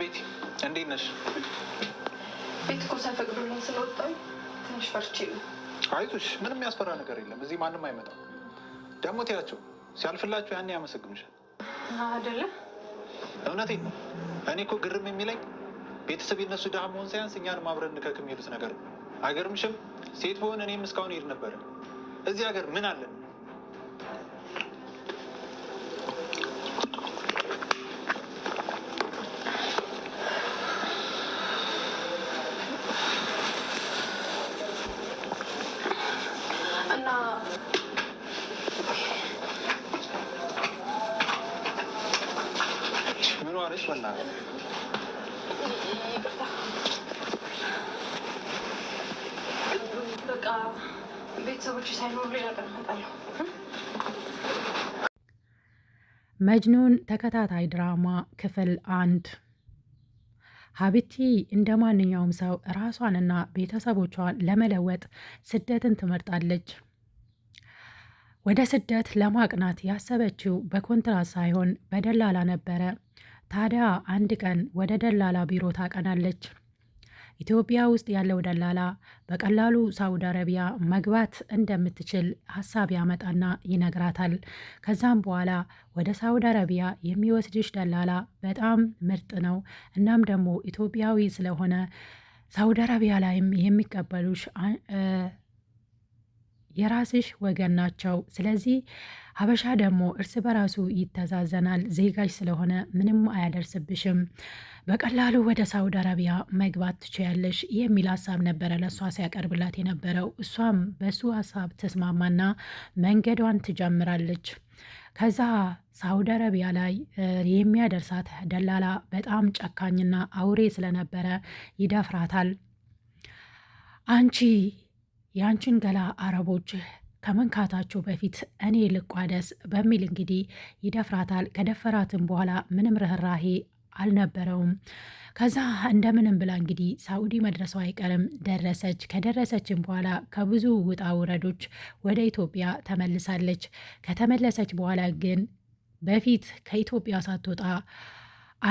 ቤቲ እንዴት ነሽ? ቤት እኮ ሰፈቅ ብሎኝ ስለወጣኝ ትንሽ ፈርቼ ነው። አይዞሽ፣ ምንም የሚያስፈራ ነገር የለም። እዚህ ማንም አይመጣም። ደግሞ ትያቸው ሲያልፍላቸው ያኔ ያመሰግምሻል። አይደለም፣ እውነቴን ነው። እኔ እኮ ግርም የሚለኝ ቤተሰብ የነሱ ድሃ መሆን ሳያንስ እኛንም አብረን እንከክም የሚሉት ነገር ነው። አይገርምሽም? ሴት በሆን እኔም እስካሁን ሄድ ነበረ። እዚህ ሀገር ምን አለን እናንተ ቤተሰቦች ሳይኖሩ ሌላ ቀን እመጣለሁ። መጅኑን ተከታታይ ድራማ ክፍል አንድ ሀብቲ እንደ ማንኛውም ሰው ራሷንና ቤተሰቦቿን ለመለወጥ ስደትን ትመርጣለች። ወደ ስደት ለማቅናት ያሰበችው በኮንትራት ሳይሆን በደላላ ነበረ። ታዲያ አንድ ቀን ወደ ደላላ ቢሮ ታቀናለች። ኢትዮጵያ ውስጥ ያለው ደላላ በቀላሉ ሳውዲ አረቢያ መግባት እንደምትችል ሀሳብ ያመጣና ይነግራታል። ከዛም በኋላ ወደ ሳውዲ አረቢያ የሚወስድሽ ደላላ በጣም ምርጥ ነው። እናም ደግሞ ኢትዮጵያዊ ስለሆነ ሳውዲ አረቢያ ላይም የሚቀበሉሽ የራስሽ ወገን ናቸው። ስለዚህ ሀበሻ ደግሞ እርስ በራሱ ይተዛዘናል። ዜጋሽ ስለሆነ ምንም አያደርስብሽም። በቀላሉ ወደ ሳውዲ አረቢያ መግባት ትችያለሽ የሚል ሀሳብ ነበረ ለእሷ ሲያቀርብላት የነበረው። እሷም በሱ ሀሳብ ተስማማና መንገዷን ትጀምራለች። ከዛ ሳውዲ አረቢያ ላይ የሚያደርሳት ደላላ በጣም ጨካኝና አውሬ ስለነበረ ይደፍራታል። አንቺ የአንችን ገላ አረቦች ከመንካታቸው በፊት እኔ ልቋደስ በሚል እንግዲህ ይደፍራታል። ከደፈራትም በኋላ ምንም ርኅራሄ አልነበረውም። ከዛ እንደምንም ብላ እንግዲህ ሳኡዲ መድረሷ አይቀርም ደረሰች። ከደረሰችም በኋላ ከብዙ ውጣ ውረዶች ወደ ኢትዮጵያ ተመልሳለች። ከተመለሰች በኋላ ግን በፊት ከኢትዮጵያ ሳትወጣ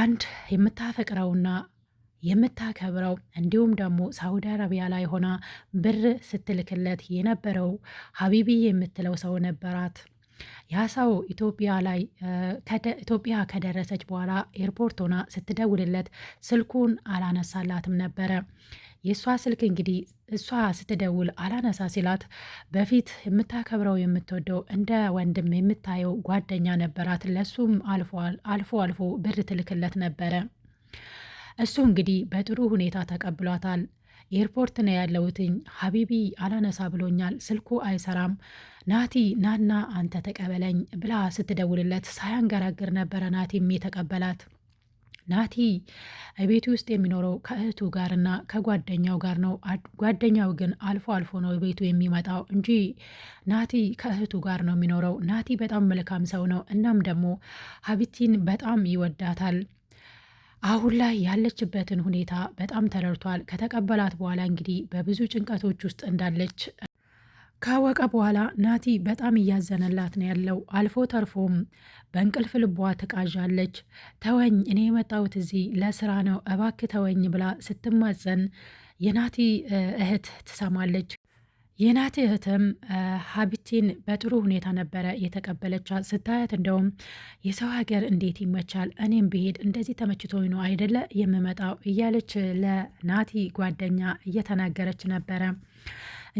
አንድ የምታፈቅረውና የምታከብረው እንዲሁም ደግሞ ሳውዲ አረቢያ ላይ ሆና ብር ስትልክለት የነበረው ሀቢቢ የምትለው ሰው ነበራት። ያ ሰው ኢትዮጵያ ላይ ኢትዮጵያ ከደረሰች በኋላ ኤርፖርት ሆና ስትደውልለት ስልኩን አላነሳላትም ነበረ። የእሷ ስልክ እንግዲህ እሷ ስትደውል አላነሳ ሲላት በፊት የምታከብረው የምትወደው እንደ ወንድም የምታየው ጓደኛ ነበራት። ለሱም አልፎ አልፎ ብር ትልክለት ነበረ። እሱ እንግዲህ በጥሩ ሁኔታ ተቀብሏታል። ኤርፖርት ነው ያለውትኝ ሀቢቢ አላነሳ ብሎኛል፣ ስልኩ አይሰራም፣ ናቲ ናና አንተ ተቀበለኝ ብላ ስትደውልለት ሳያንገራግር ነበረ ናቲም የተቀበላት። ናቲ ቤቱ ውስጥ የሚኖረው ከእህቱ ጋርና ከጓደኛው ጋር ነው። ጓደኛው ግን አልፎ አልፎ ነው ቤቱ የሚመጣው እንጂ ናቲ ከእህቱ ጋር ነው የሚኖረው። ናቲ በጣም መልካም ሰው ነው። እናም ደግሞ ሀቢቲን በጣም ይወዳታል። አሁን ላይ ያለችበትን ሁኔታ በጣም ተረድቷል። ከተቀበላት በኋላ እንግዲህ በብዙ ጭንቀቶች ውስጥ እንዳለች ካወቀ በኋላ ናቲ በጣም እያዘነላት ነው ያለው። አልፎ ተርፎም በእንቅልፍ ልቧ ትቃዣለች። ተወኝ፣ እኔ የመጣሁት እዚህ ለስራ ነው፣ እባክ ተወኝ ብላ ስትማጸን የናቲ እህት ትሰማለች። የናቲ እህትም ሀቢቲን በጥሩ ሁኔታ ነበረ የተቀበለቻት። ስታያት እንደውም የሰው ሀገር እንዴት ይመቻል፣ እኔም ብሄድ እንደዚህ ተመችቶ ነው አይደለ የምመጣው እያለች ለናቲ ጓደኛ እየተናገረች ነበረ።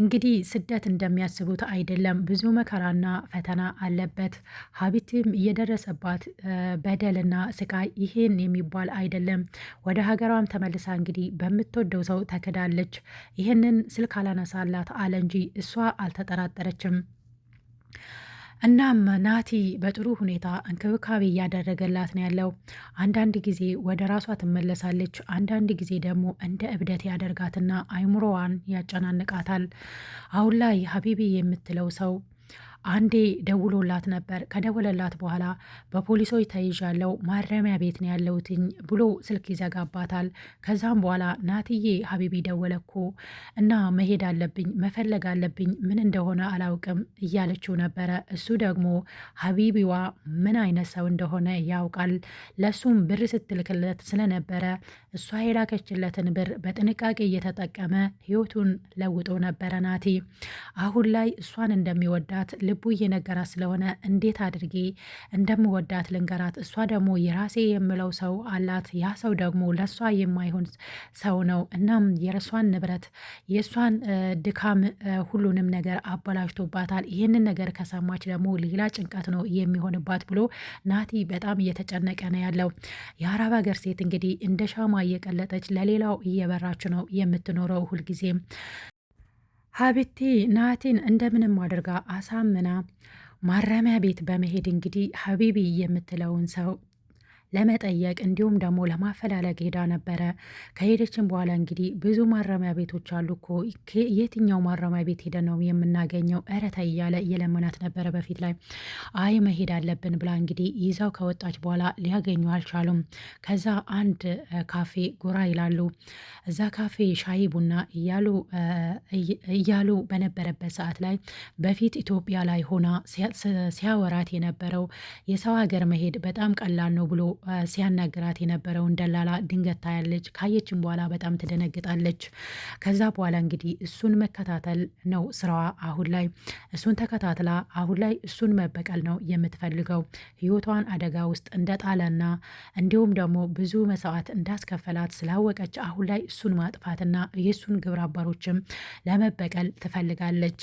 እንግዲህ ስደት እንደሚያስቡት አይደለም። ብዙ መከራና ፈተና አለበት። ሀቢትም እየደረሰባት በደልና ስቃይ ይሄን የሚባል አይደለም። ወደ ሀገሯም ተመልሳ እንግዲህ በምትወደው ሰው ተክዳለች። ይህንን ስልክ አላነሳላት አለ እንጂ እሷ አልተጠራጠረችም። እናም ናቲ በጥሩ ሁኔታ እንክብካቤ እያደረገላት ነው ያለው። አንዳንድ ጊዜ ወደ ራሷ ትመለሳለች፣ አንዳንድ ጊዜ ደግሞ እንደ እብደት ያደርጋትና አይምሮዋን ያጨናንቃታል። አሁን ላይ ሀቢቢ የምትለው ሰው አንዴ ደውሎላት ነበር። ከደወለላት በኋላ በፖሊሶች ተይዣለው ማረሚያ ቤት ነው ያለውትኝ ብሎ ስልክ ይዘጋባታል። ከዛም በኋላ ናትዬ ሀቢቢ ደወለ እኮ እና መሄድ አለብኝ መፈለግ አለብኝ ምን እንደሆነ አላውቅም እያለችው ነበረ። እሱ ደግሞ ሀቢቢዋ ምን አይነት ሰው እንደሆነ ያውቃል። ለሱም ብር ስትልክለት ስለነበረ እሷ የላከችለትን ብር በጥንቃቄ እየተጠቀመ ህይወቱን ለውጦ ነበረ። ናቲ አሁን ላይ እሷን እንደሚወዳት ልቡ እየነገራ ስለሆነ እንዴት አድርጌ እንደምወዳት ልንገራት። እሷ ደግሞ የራሴ የምለው ሰው አላት። ያ ሰው ደግሞ ለእሷ የማይሆን ሰው ነው። እናም የእሷን ንብረት የእሷን ድካም ሁሉንም ነገር አበላሽቶባታል። ይህንን ነገር ከሰማች ደግሞ ሌላ ጭንቀት ነው የሚሆንባት ብሎ ናቲ በጣም እየተጨነቀ ነው ያለው። የአረብ ሀገር ሴት እንግዲህ እንደ ሻማ እየቀለጠች ለሌላው እየበራች ነው የምትኖረው ሁልጊዜም ሀብቴ ናቲን እንደምንም አድርጋ አሳምና ማረሚያ ቤት በመሄድ እንግዲህ ሀቢቢ የምትለውን ሰው ለመጠየቅ እንዲሁም ደግሞ ለማፈላለግ ሄዳ ነበረ። ከሄደችን በኋላ እንግዲህ ብዙ ማረሚያ ቤቶች አሉ እኮ የትኛው ማረሚያ ቤት ሄደ ነው የምናገኘው? እረታ እያለ እየለመናት ነበረ በፊት ላይ። አይ መሄድ አለብን ብላ እንግዲህ ይዛው ከወጣች በኋላ ሊያገኙ አልቻሉም። ከዛ አንድ ካፌ ጎራ ይላሉ። እዛ ካፌ ሻይ ቡና እያሉ እያሉ በነበረበት ሰዓት ላይ በፊት ኢትዮጵያ ላይ ሆና ሲያወራት የነበረው የሰው ሀገር መሄድ በጣም ቀላል ነው ብሎ ሲያናግራት የነበረውን ደላላ ድንገት ታያለች። ካየችን በኋላ በጣም ትደነግጣለች። ከዛ በኋላ እንግዲህ እሱን መከታተል ነው ስራዋ አሁን ላይ። እሱን ተከታትላ አሁን ላይ እሱን መበቀል ነው የምትፈልገው። ህይወቷን አደጋ ውስጥ እንደጣለና እንዲሁም ደግሞ ብዙ መስዋዕት እንዳስከፈላት ስላወቀች አሁን ላይ እሱን ማጥፋትና የእሱን ግብረ አባሮችም ለመበቀል ትፈልጋለች።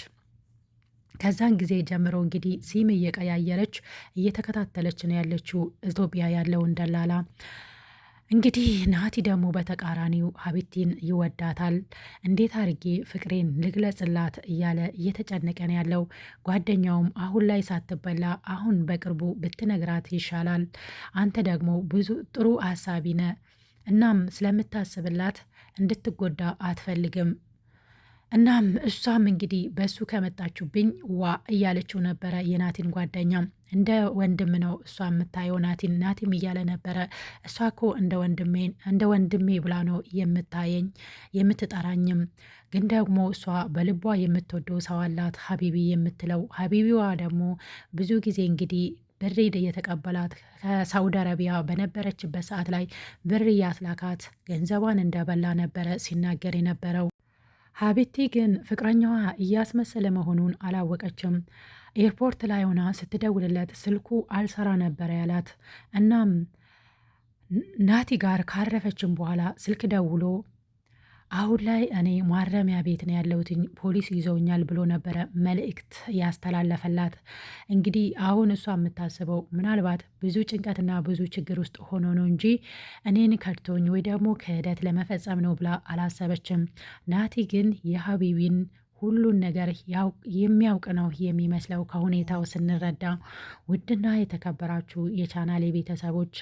ከዛን ጊዜ ጀምሮ እንግዲህ ሲም እየቀያየረች እየተከታተለች ነው ያለችው ኢትዮጵያ ያለውን ደላላ። እንግዲህ ናቲ ደግሞ በተቃራኒው ሀቢቲን ይወዳታል። እንዴት አድርጌ ፍቅሬን ልግለጽላት እያለ እየተጨነቀ ነው ያለው። ጓደኛውም አሁን ላይ ሳትበላ አሁን በቅርቡ ብትነግራት ይሻላል። አንተ ደግሞ ብዙ ጥሩ አሳቢ እናም ስለምታስብላት እንድትጎዳ አትፈልግም እናም እሷም እንግዲህ በእሱ ከመጣችሁብኝ ዋ እያለችው ነበረ። የናቲን ጓደኛ እንደ ወንድም ነው እሷ የምታየው ናቲን ናቲም እያለ ነበረ። እሷ እኮ እንደ ወንድሜ እንደ ወንድሜ ብላ ነው የምታየኝ የምትጠራኝም፣ ግን ደግሞ እሷ በልቧ የምትወደው ሰው አላት ሀቢቢ የምትለው ሀቢቢዋ ደግሞ ብዙ ጊዜ እንግዲህ ብር እየተቀበላት ከሳውዲ አረቢያ በነበረችበት ሰዓት ላይ ብር እያስላካት ገንዘቧን እንደበላ ነበረ ሲናገር የነበረው። ሀቢቲ ግን ፍቅረኛዋ እያስመሰለ መሆኑን አላወቀችም። ኤርፖርት ላይ ሆና ስትደውልለት ስልኩ አልሰራ ነበረ ያላት። እናም ናቲ ጋር ካረፈችም በኋላ ስልክ ደውሎ አሁን ላይ እኔ ማረሚያ ቤት ነው ያለሁት፣ ፖሊስ ይዘውኛል ብሎ ነበረ መልእክት ያስተላለፈላት። እንግዲህ አሁን እሷ የምታስበው ምናልባት ብዙ ጭንቀትና ብዙ ችግር ውስጥ ሆኖ ነው እንጂ እኔን ከድቶኝ ወይ ደግሞ ክህደት ለመፈጸም ነው ብላ አላሰበችም። ናቲ ግን የሀቢቢን ሁሉን ነገር የሚያውቅ ነው የሚመስለው ከሁኔታው ስንረዳ። ውድና የተከበራችሁ የቻናል ቤተሰቦች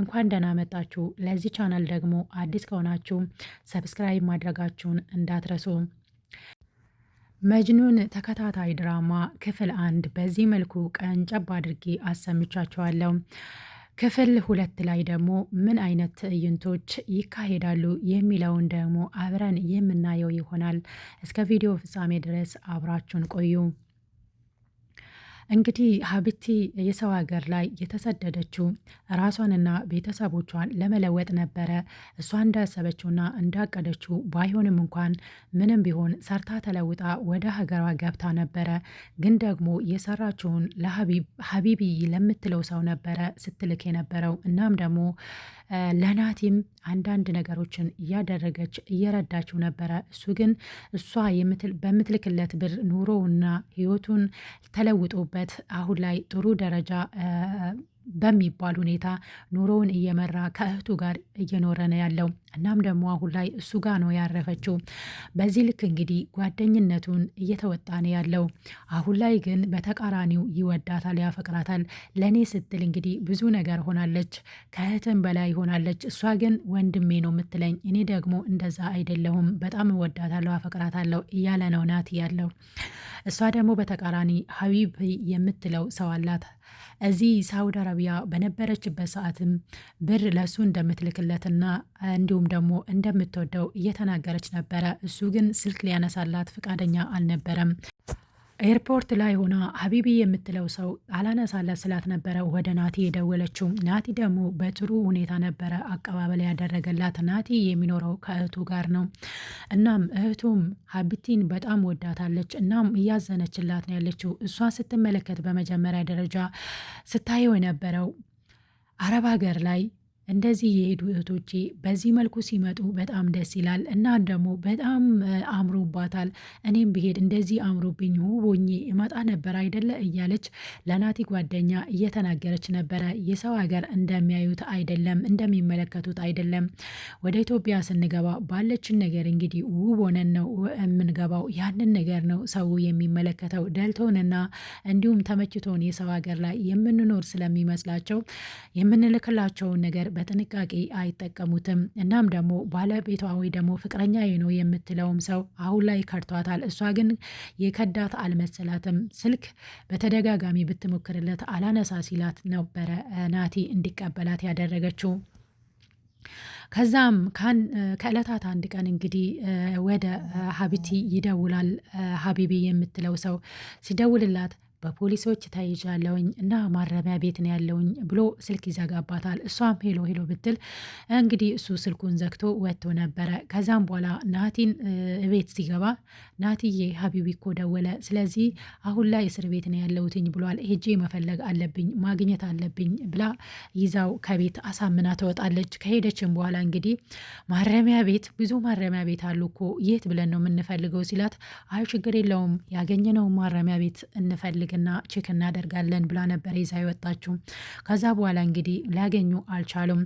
እንኳን ደህና መጣችሁ። ለዚህ ቻናል ደግሞ አዲስ ከሆናችሁ ሰብስክራይብ ማድረጋችሁን እንዳትረሱ። መጅኑን ተከታታይ ድራማ ክፍል አንድ በዚህ መልኩ ቀንጨብ አድርጌ አሰምቻችኋለሁ። ክፍል ሁለት ላይ ደግሞ ምን አይነት ትዕይንቶች ይካሄዳሉ የሚለውን ደግሞ አብረን የምናየው ይሆናል። እስከ ቪዲዮ ፍጻሜ ድረስ አብራችሁን ቆዩ። እንግዲህ ሀብቲ የሰው ሀገር ላይ የተሰደደችው ራሷንና ቤተሰቦቿን ለመለወጥ ነበረ። እሷ እንዳሰበችውና እንዳቀደችው ባይሆንም እንኳን ምንም ቢሆን ሰርታ ተለውጣ ወደ ሀገሯ ገብታ ነበረ። ግን ደግሞ የሰራችውን ለሀቢቢ ለምትለው ሰው ነበረ ስትልክ የነበረው። እናም ደግሞ ለናቲም አንዳንድ ነገሮችን እያደረገች እየረዳችው ነበረ። እሱ ግን እሷ በምትልክለት ብር ኑሮውና ህይወቱን ተለውጦበት ያለበት አሁን ላይ ጥሩ ደረጃ በሚባል ሁኔታ ኑሮውን እየመራ ከእህቱ ጋር እየኖረ ነው ያለው። እናም ደግሞ አሁን ላይ እሱ ጋር ነው ያረፈችው። በዚህ ልክ እንግዲህ ጓደኝነቱን እየተወጣ ነው ያለው። አሁን ላይ ግን በተቃራኒው ይወዳታል፣ ያፈቅራታል። ለእኔ ስትል እንግዲህ ብዙ ነገር ሆናለች፣ ከእህትም በላይ ሆናለች። እሷ ግን ወንድሜ ነው የምትለኝ፣ እኔ ደግሞ እንደዛ አይደለሁም፣ በጣም እወዳታለሁ፣ አፈቅራታለሁ እያለ ነው ናት ያለው። እሷ ደግሞ በተቃራኒ ሀቢብ የምትለው ሰው አላት። እዚህ ሳውዲ አረቢያ በነበረችበት ሰዓትም ብር ለሱ እንደምትልክለትና እንዲሁም ደግሞ እንደምትወደው እየተናገረች ነበረ። እሱ ግን ስልክ ሊያነሳላት ፈቃደኛ አልነበረም። ኤርፖርት ላይ ሆና ሀቢቢ የምትለው ሰው አላነሳላት ስላት ነበረ ወደ ናቲ የደወለችው። ናቲ ደግሞ በጥሩ ሁኔታ ነበረ አቀባበል ያደረገላት። ናቲ የሚኖረው ከእህቱ ጋር ነው። እናም እህቱም ሀቢቲን በጣም ወዳታለች። እናም እያዘነችላት ነው ያለችው። እሷ ስትመለከት በመጀመሪያ ደረጃ ስታየው የነበረው አረብ ሀገር ላይ እንደዚህ የሄዱ እህቶቼ በዚህ መልኩ ሲመጡ በጣም ደስ ይላል እና ደግሞ በጣም አምሮባታል። እኔም ብሄድ እንደዚህ አምሮብኝ ሁቦኜ እመጣ ነበር አይደለ እያለች ለናቲ ጓደኛ እየተናገረች ነበረ። የሰው ሀገር እንደሚያዩት አይደለም እንደሚመለከቱት አይደለም። ወደ ኢትዮጵያ ስንገባ ባለችን ነገር እንግዲህ ውብ ሆነን ነው የምንገባው። ያንን ነገር ነው ሰው የሚመለከተው። ደልቶንና እንዲሁም ተመችቶን የሰው ሀገር ላይ የምንኖር ስለሚመስላቸው የምንልክላቸውን ነገር በጥንቃቄ አይጠቀሙትም። እናም ደግሞ ባለቤቷ ወይ ደግሞ ፍቅረኛ ነው የምትለውም ሰው አሁን ላይ ከድቷታል። እሷ ግን የከዳት አልመሰላትም። ስልክ በተደጋጋሚ ብትሞክርለት አላነሳ ሲላት ነበረ ናቲ እንዲቀበላት ያደረገችው። ከዛም ከእለታት አንድ ቀን እንግዲህ ወደ ሀቢቲ ይደውላል ሀቢቢ የምትለው ሰው ሲደውልላት በፖሊሶች ተይዣለሁኝ እና ማረሚያ ቤት ነው ያለውኝ ብሎ ስልክ ይዘጋባታል። እሷም ሄሎ ሄሎ ብትል እንግዲህ እሱ ስልኩን ዘግቶ ወጥቶ ነበረ። ከዛም በኋላ ናቲን እቤት ሲገባ ናቲዬ ሀቢቢ እኮ ደወለ፣ ስለዚህ አሁን ላይ እስር ቤት ነው ያለውትኝ ብሏል። ሄጄ መፈለግ አለብኝ ማግኘት አለብኝ ብላ ይዛው ከቤት አሳምና ትወጣለች። ከሄደችም በኋላ እንግዲህ ማረሚያ ቤት ብዙ ማረሚያ ቤት አሉ እኮ የት ብለን ነው የምንፈልገው ሲላት፣ አይ ችግር የለውም ያገኘነው ማረሚያ ቤት እንፈልገ ቼክና ቼክ እናደርጋለን ብላ ነበር ይዛ ይወጣችው። ከዛ በኋላ እንግዲህ ሊያገኙ አልቻሉም።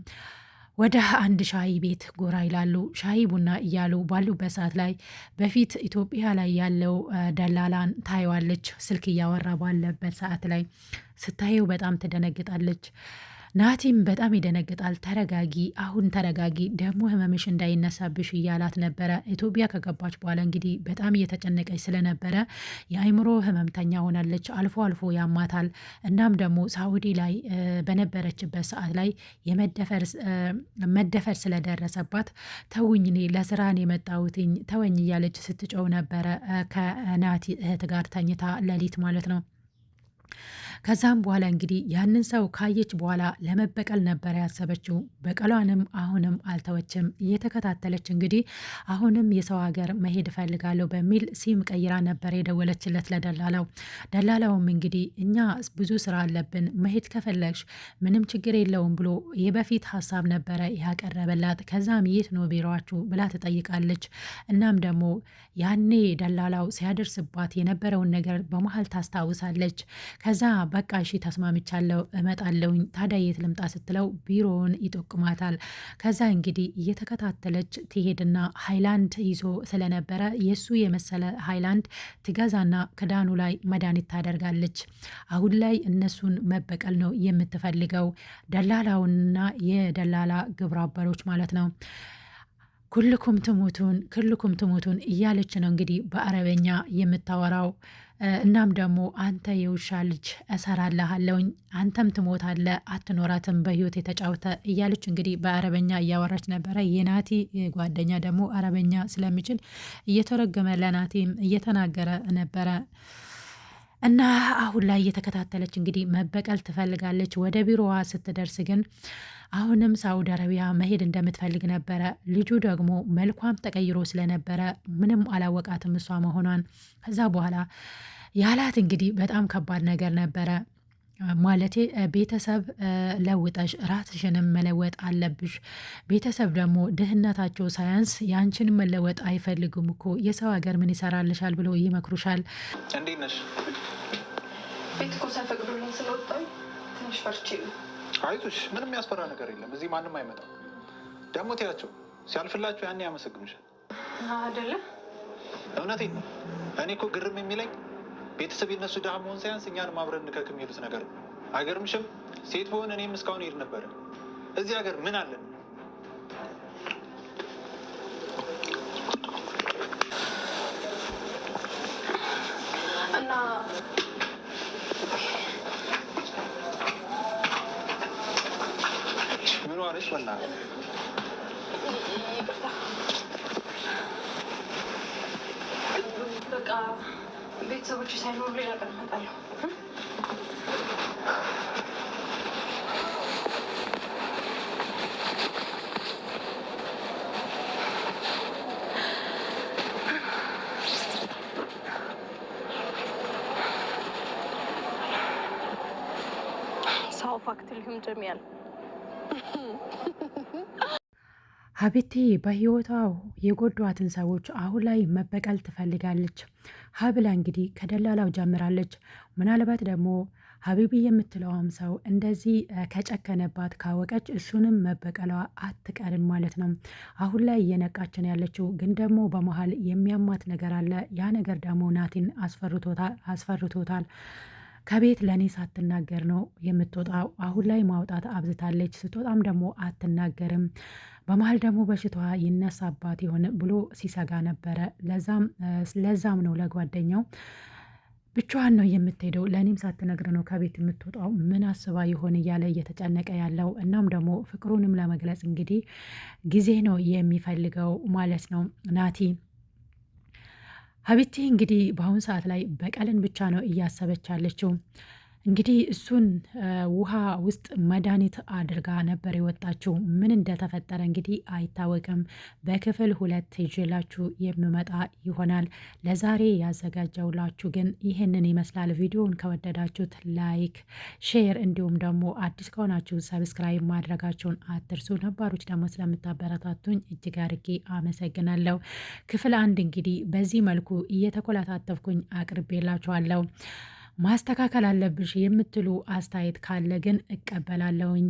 ወደ አንድ ሻይ ቤት ጎራ ይላሉ። ሻይ ቡና እያሉ ባሉበት ሰዓት ላይ በፊት ኢትዮጵያ ላይ ያለው ደላላን ታየዋለች። ስልክ እያወራ ባለበት ሰዓት ላይ ስታየው በጣም ትደነግጣለች። ናቲም በጣም ይደነግጣል። ተረጋጊ፣ አሁን ተረጋጊ፣ ደግሞ ህመምሽ እንዳይነሳብሽ እያላት ነበረ። ኢትዮጵያ ከገባች በኋላ እንግዲህ በጣም እየተጨነቀች ስለነበረ የአይምሮ ህመምተኛ ሆናለች። አልፎ አልፎ ያማታል። እናም ደግሞ ሳውዲ ላይ በነበረችበት ሰዓት ላይ መደፈር ስለደረሰባት ተውኝ፣ እኔ ለስራ ነው የመጣሁትኝ ተወኝ እያለች ስትጮው ነበረ ከናቲ እህት ጋር ተኝታ ሌሊት ማለት ነው። ከዛም በኋላ እንግዲህ ያንን ሰው ካየች በኋላ ለመበቀል ነበረ ያሰበችው። በቀሏንም አሁንም አልተወችም። እየተከታተለች እንግዲህ አሁንም የሰው ሀገር መሄድ እፈልጋለሁ በሚል ሲም ቀይራ ነበር የደወለችለት ለደላላው። ደላላውም እንግዲህ እኛ ብዙ ስራ አለብን መሄድ ከፈለግሽ ምንም ችግር የለውም ብሎ የበፊት ሀሳብ ነበረ ያቀረበላት። ከዛም የት ነው ቢሮችሁ ብላ ትጠይቃለች። እናም ደግሞ ያኔ ደላላው ሲያደርስባት የነበረውን ነገር በመሀል ታስታውሳለች። ከዛ በቃ እሺ ተስማምቻለሁ እመጣለሁኝ ታዲያ የት ልምጣ ስትለው ቢሮውን ይጠቁማታል። ከዛ እንግዲህ እየተከታተለች ትሄድና ሀይላንድ ይዞ ስለነበረ የእሱ የመሰለ ሀይላንድ ትገዛና ክዳኑ ላይ መድኃኒት ታደርጋለች። አሁን ላይ እነሱን መበቀል ነው የምትፈልገው ደላላውንና የደላላ ግብረ አበሮች ማለት ነው። ኩልኩም ትሙቱን ኩልኩም ትሙቱን እያለች ነው እንግዲህ በአረበኛ የምታወራው። እናም ደግሞ አንተ የውሻ ልጅ እሰራልሃለሁኝ፣ አንተም አለ አትኖራትም በህይወት የተጫወተ እያለች እንግዲህ በአረበኛ እያወራች ነበረ። የናቲ ጓደኛ ደግሞ አረበኛ ስለሚችል እየተረገመ ለናቲም እየተናገረ ነበረ። እና አሁን ላይ እየተከታተለች እንግዲህ መበቀል ትፈልጋለች። ወደ ቢሮዋ ስትደርስ ግን አሁንም ሳውዲ አረቢያ መሄድ እንደምትፈልግ ነበረ። ልጁ ደግሞ መልኳም ተቀይሮ ስለነበረ ምንም አላወቃትም እሷ መሆኗን። ከዛ በኋላ ያላት እንግዲህ በጣም ከባድ ነገር ነበረ። ማለቴ ቤተሰብ ለውጠሽ ራስሽንም መለወጥ አለብሽ። ቤተሰብ ደግሞ ድህነታቸው ሳያንስ ያንቺን መለወጥ አይፈልጉም እኮ የሰው ሀገር ምን ይሰራልሻል ብሎ ይመክሩሻል። እንዴት ነሽ? ቤት እኮ ሳይፈቅዱልኝ ስለወጣሁ ትንሽ ፈርቼ ነው። አይዞሽ፣ ምንም የሚያስፈራ ነገር የለም። እዚህ ማንም አይመጣም። ደግሞ ትያቸው ሲያልፍላቸው ያኔ ያመሰግኑሻል። አይደለም፣ እውነቴን ነው። እኔ እኮ ግርም የሚለኝ ቤተሰብ የነሱ ድሃ መሆን ሳያንስ እኛንም አብረን እንከክም የሚሉት ነገር ነው። አገር ምሽም ሴት በሆን እኔም እስካሁን ሄድ ነበረ። እዚህ ሀገር ምን አለን? ምን በቃ ቤተሰቦች ሳይኖሩ ሌላ ቀን እመጣለሁ። سوف أقتلهم جميعا ሀብቴ በህይወቷ የጎዷትን ሰዎች አሁን ላይ መበቀል ትፈልጋለች። ሀብላ እንግዲህ ከደላላው ጀምራለች። ምናልባት ደግሞ ሀቢቢ የምትለውም ሰው እንደዚህ ከጨከነባት ካወቀች እሱንም መበቀሏ አትቀርም ማለት ነው። አሁን ላይ እየነቃችን ያለችው ግን ደግሞ በመሀል የሚያማት ነገር አለ። ያ ነገር ደግሞ ናቲን አስፈርቶታል። ከቤት ለእኔ ሳትናገር ነው የምትወጣው። አሁን ላይ ማውጣት አብዝታለች። ስትወጣም ደግሞ አትናገርም። በመሀል ደግሞ በሽታዋ ይነሳባት ይሆን ብሎ ሲሰጋ ነበረ። ለዛም ነው ለጓደኛው ብቻዋን ነው የምትሄደው፣ ለእኔም ሳትነግር ነው ከቤት የምትወጣው፣ ምን አስባ ይሆን እያለ እየተጨነቀ ያለው። እናም ደግሞ ፍቅሩንም ለመግለጽ እንግዲህ ጊዜ ነው የሚፈልገው ማለት ነው ናቲ ሀቢቴ እንግዲህ በአሁኑ ሰዓት ላይ በቀልን ብቻ ነው እያሰበች ያለችው። እንግዲህ እሱን ውሃ ውስጥ መድኃኒት አድርጋ ነበር የወጣችው። ምን እንደተፈጠረ እንግዲህ አይታወቅም። በክፍል ሁለት ይዤላችሁ የምመጣ ይሆናል። ለዛሬ ያዘጋጀውላችሁ ግን ይህንን ይመስላል። ቪዲዮውን ከወደዳችሁት ላይክ፣ ሼር እንዲሁም ደግሞ አዲስ ከሆናችሁ ሰብስክራይብ ማድረጋችሁን አትርሱ። ነባሮች ደግሞ ስለምታበረታቱኝ እጅግ አድርጌ አመሰግናለሁ። ክፍል አንድ እንግዲህ በዚህ መልኩ እየተኮላታተፍኩኝ አቅርቤላችኋለሁ። ማስተካከል አለብሽ የምትሉ አስተያየት ካለ ግን እቀበላለሁኝ።